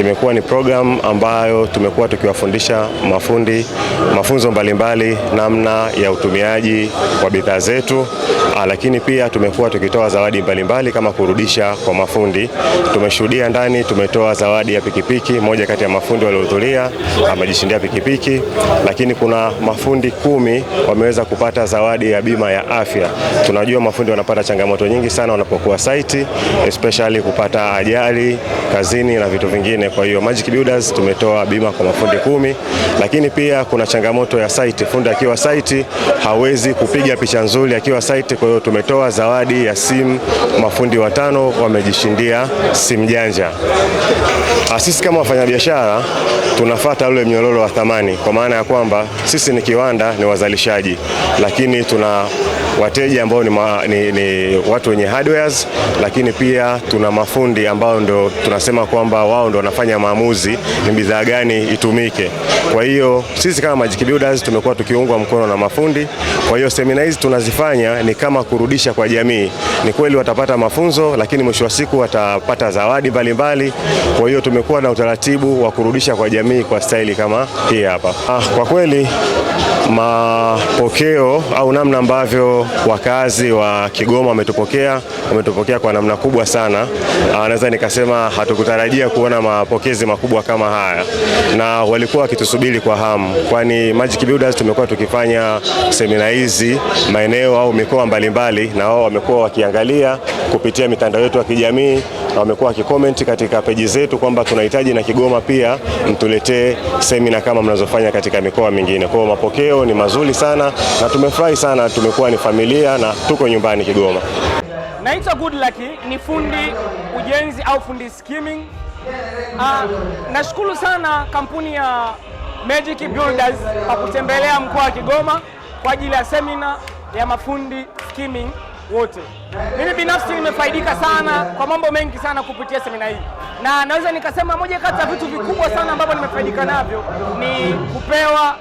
Imekuwa ni program ambayo tumekuwa tukiwafundisha mafundi mafunzo mbalimbali namna ya utumiaji wa bidhaa zetu, ah, lakini pia tumekuwa tukitoa zawadi mbalimbali mbali kama kurudisha kwa mafundi. Tumeshuhudia ndani, tumetoa zawadi ya pikipiki. Moja kati ya mafundi waliohudhuria amejishindia pikipiki, lakini kuna mafundi kumi wameweza kupata zawadi ya bima ya afya. Tunajua mafundi wanapata changamoto nyingi sana wanapokuwa site, especially kupata ajali kazini na vitu vingine nne. Kwa hiyo Magic Builders tumetoa bima kwa mafundi kumi, lakini pia kuna changamoto ya site. Fundi akiwa site hawezi kupiga picha nzuri akiwa site, kwa hiyo tumetoa zawadi ya simu. Mafundi watano wamejishindia simu janja. Ah, sisi kama wafanyabiashara tunafata ule mnyororo wa thamani, kwa maana ya kwamba sisi ni kiwanda, ni wazalishaji, lakini tuna wateja ambao ni, ma, ni, ni watu wenye hardwares, lakini pia tuna mafundi ambao ndo tunasema kwamba wao ndo wanafanya maamuzi ni bidhaa gani itumike. Kwa hiyo sisi kama Magic Builders tumekuwa tukiungwa mkono na mafundi. Kwa hiyo semina hizi tunazifanya ni kama kurudisha kwa jamii. Ni kweli watapata mafunzo, lakini mwisho wa siku watapata zawadi mbalimbali. Kwa hiyo tumekuwa na utaratibu wa kurudisha kwa jamii kwa staili kama hii hapa. Ah, kwa kweli mapokeo au namna ambavyo wakazi wa Kigoma wametupokea, wametupokea kwa namna kubwa sana. Ah, naweza nikasema hatukutarajia kuona mapokezi makubwa kama haya, na walikuwa wakitusubiri kwa hamu, kwani Magic Builders tumekuwa tukifanya semina hizi maeneo au mikoa mbalimbali, na wao wamekuwa wakiangalia kupitia mitandao yetu ya kijamii na wamekuwa wakikomenti katika peji zetu kwamba tunahitaji na Kigoma pia mtuletee semina kama mnazofanya katika mikoa mingine. Kwa hiyo mapokeo leo ni mazuri sana na tumefurahi sana, tumekuwa ni familia na tuko nyumbani Kigoma. Naitwa Goodluck, ni fundi ujenzi au fundi skimming. Uh, nashukuru sana kampuni ya Magic Builders kwa kutembelea mkoa wa Kigoma kwa ajili ya semina ya mafundi skimming wote. Mimi binafsi nimefaidika sana kwa mambo mengi sana kupitia semina hii, na naweza nikasema moja kati ya vitu vikubwa sana ambavyo nimefaidika navyo ni kupewa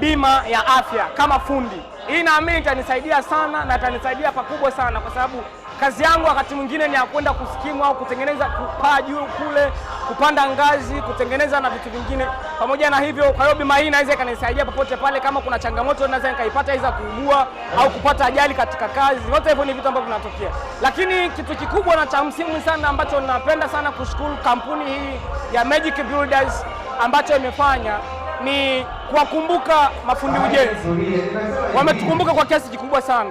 bima ya afya kama fundi. Hii naamini itanisaidia sana na itanisaidia pakubwa sana, kwa sababu kazi yangu wakati mwingine ni ya kwenda kusikimu au kutengeneza, kupaa juu kule, kupanda ngazi, kutengeneza na vitu vingine pamoja na hivyo. Kwa hiyo bima hii inaweza ikanisaidia popote pale, kama kuna changamoto naweza nikaipata iza kuugua au kupata ajali katika kazi, vyote hivyo ni vitu ambavyo vinatokea. Lakini kitu kikubwa na cha msimu sana ambacho napenda sana kushukuru kampuni hii ya Magic Builders ambacho imefanya ni kuwakumbuka mafundi ujenzi. Wametukumbuka kwa kiasi kikubwa sana.